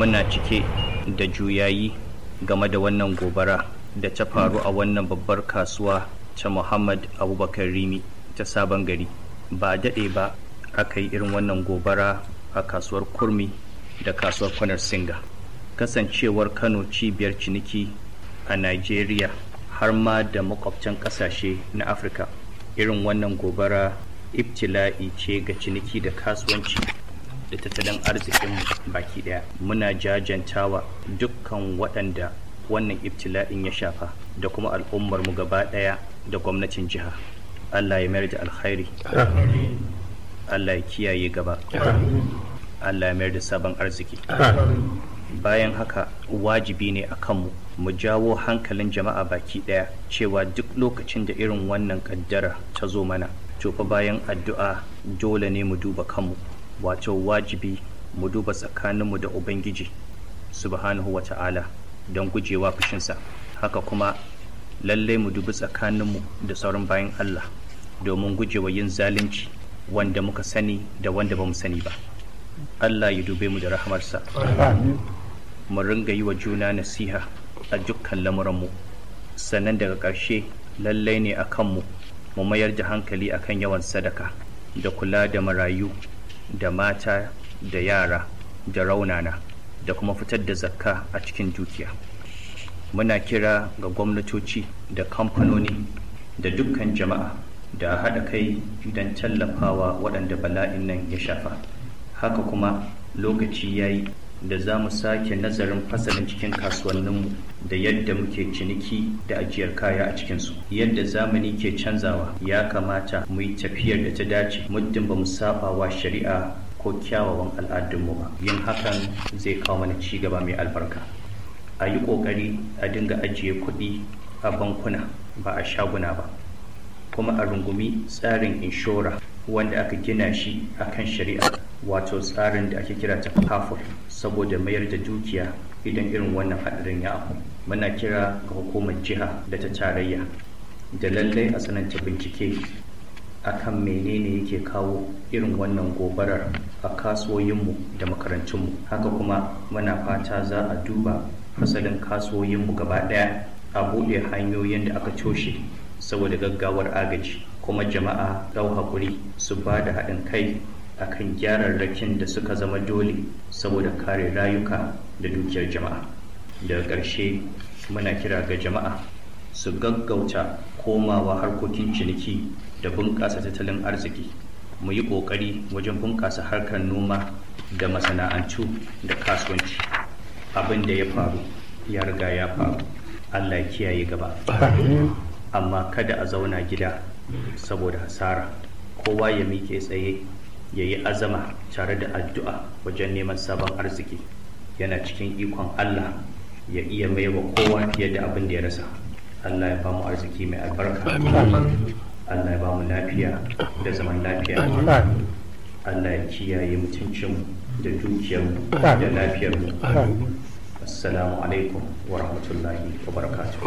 muna cike da juyayi game da wannan gobara da ta faru a wannan babbar kasuwa ta muhammad abubakar rimi ta sabon gari ba daɗe ba aka yi irin wannan gobara a kasuwar kurmi da kasuwar kwanar singa kasancewar kano cibiyar ciniki a nigeria har ma da makwabtan ƙasashe na afirka irin wannan gobara ibtila'i ce ga ciniki da kasuwanci da tattalin arzikin baki daya muna jajantawa dukkan waɗanda wannan ibtila'in ya shafa da kuma al'ummar mu gaba daya da gwamnatin jiha Allah ya mayar da alkhairi Allah ya kiyaye gaba Allah ya mayar da sabon arziki bayan haka wajibi ne a kanmu mu jawo hankalin jama'a baki daya cewa duk lokacin da irin wannan kaddara ta zo mana to fa bayan addu'a dole ne mu duba kanmu wato wajibi mu duba tsakaninmu da ubangiji subhanahu wa ta'ala don gujewa fushinsa haka kuma lallai mu dubi tsakaninmu da sauran bayan allah domin gujewa yin zalunci wanda muka sani da wanda ba mu sani ba allah ya dube mu da rahamarsa mu ringa yi wa juna nasiha a dukkan lamuranmu sannan daga ƙarshe lallai ne a kanmu mu mayar da hankali akan yawan sadaka da kula da marayu da mata da yara da raunana da kuma fitar da zakka a cikin dukiya muna kira ga gwamnatoci da kamfanoni da dukkan jama'a da haɗa kai don tallafawa waɗanda bala'in nan ya shafa haka kuma lokaci ya yi da za mu sake nazarin fasalin cikin kasuwanninmu da yadda muke ciniki da ajiyar kaya a cikinsu yadda zamani ke canzawa ya kamata mu yi tafiyar da ta dace muddin ba mu saba wa shari'a ko kyawawan al'adunmu ba yin hakan zai kawo mana ci gaba mai albarka a yi ƙoƙari a dinga ajiye kuɗi a bankuna ba a shaguna ba kuma a rungumi tsarin inshora wanda aka gina shi akan shari'a wato tsarin da ake kira ta kafur saboda mayar da dukiya idan irin wannan hadarin ya afu muna kira ga hukumar jiha da ta tarayya da lallai a sananta bincike akan menene yake kawo irin wannan gobarar a kasuwoyinmu da makarantunmu haka kuma muna fata za a duba fasalin kasuwoyinmu gaba ɗaya a buɗe hanyoyin da aka coshe saboda gaggawar agaji kuma jama'a ɗau haƙuri su ba da haɗin kai akan gyararrakin da suka zama dole saboda kare rayuka da dukiyar jama'a Da ƙarshe muna kira ga jama'a su gaggauta komawa harkokin ciniki da bunƙasa tattalin arziki mu yi ƙoƙari wajen bunƙasa harkar noma da masana'antu da kasuwanci abin da ya faru ya riga ya faru allah kiyaye gaba amma kada a zauna gida saboda hasara kowa ya miƙe tsaye ya yi azama tare da addu'a wajen neman sabon arziki yana cikin ikon Allah ya iya mai kowa fiye da abin da ya rasa Allah ya ba arziki mai albarka Allah ya ba lafiya da zaman lafiya Allah ya kiyaye mutuncin da dukiyar da lafiyar mu assalamu alaikum wa rahmatullahi wa barakatuh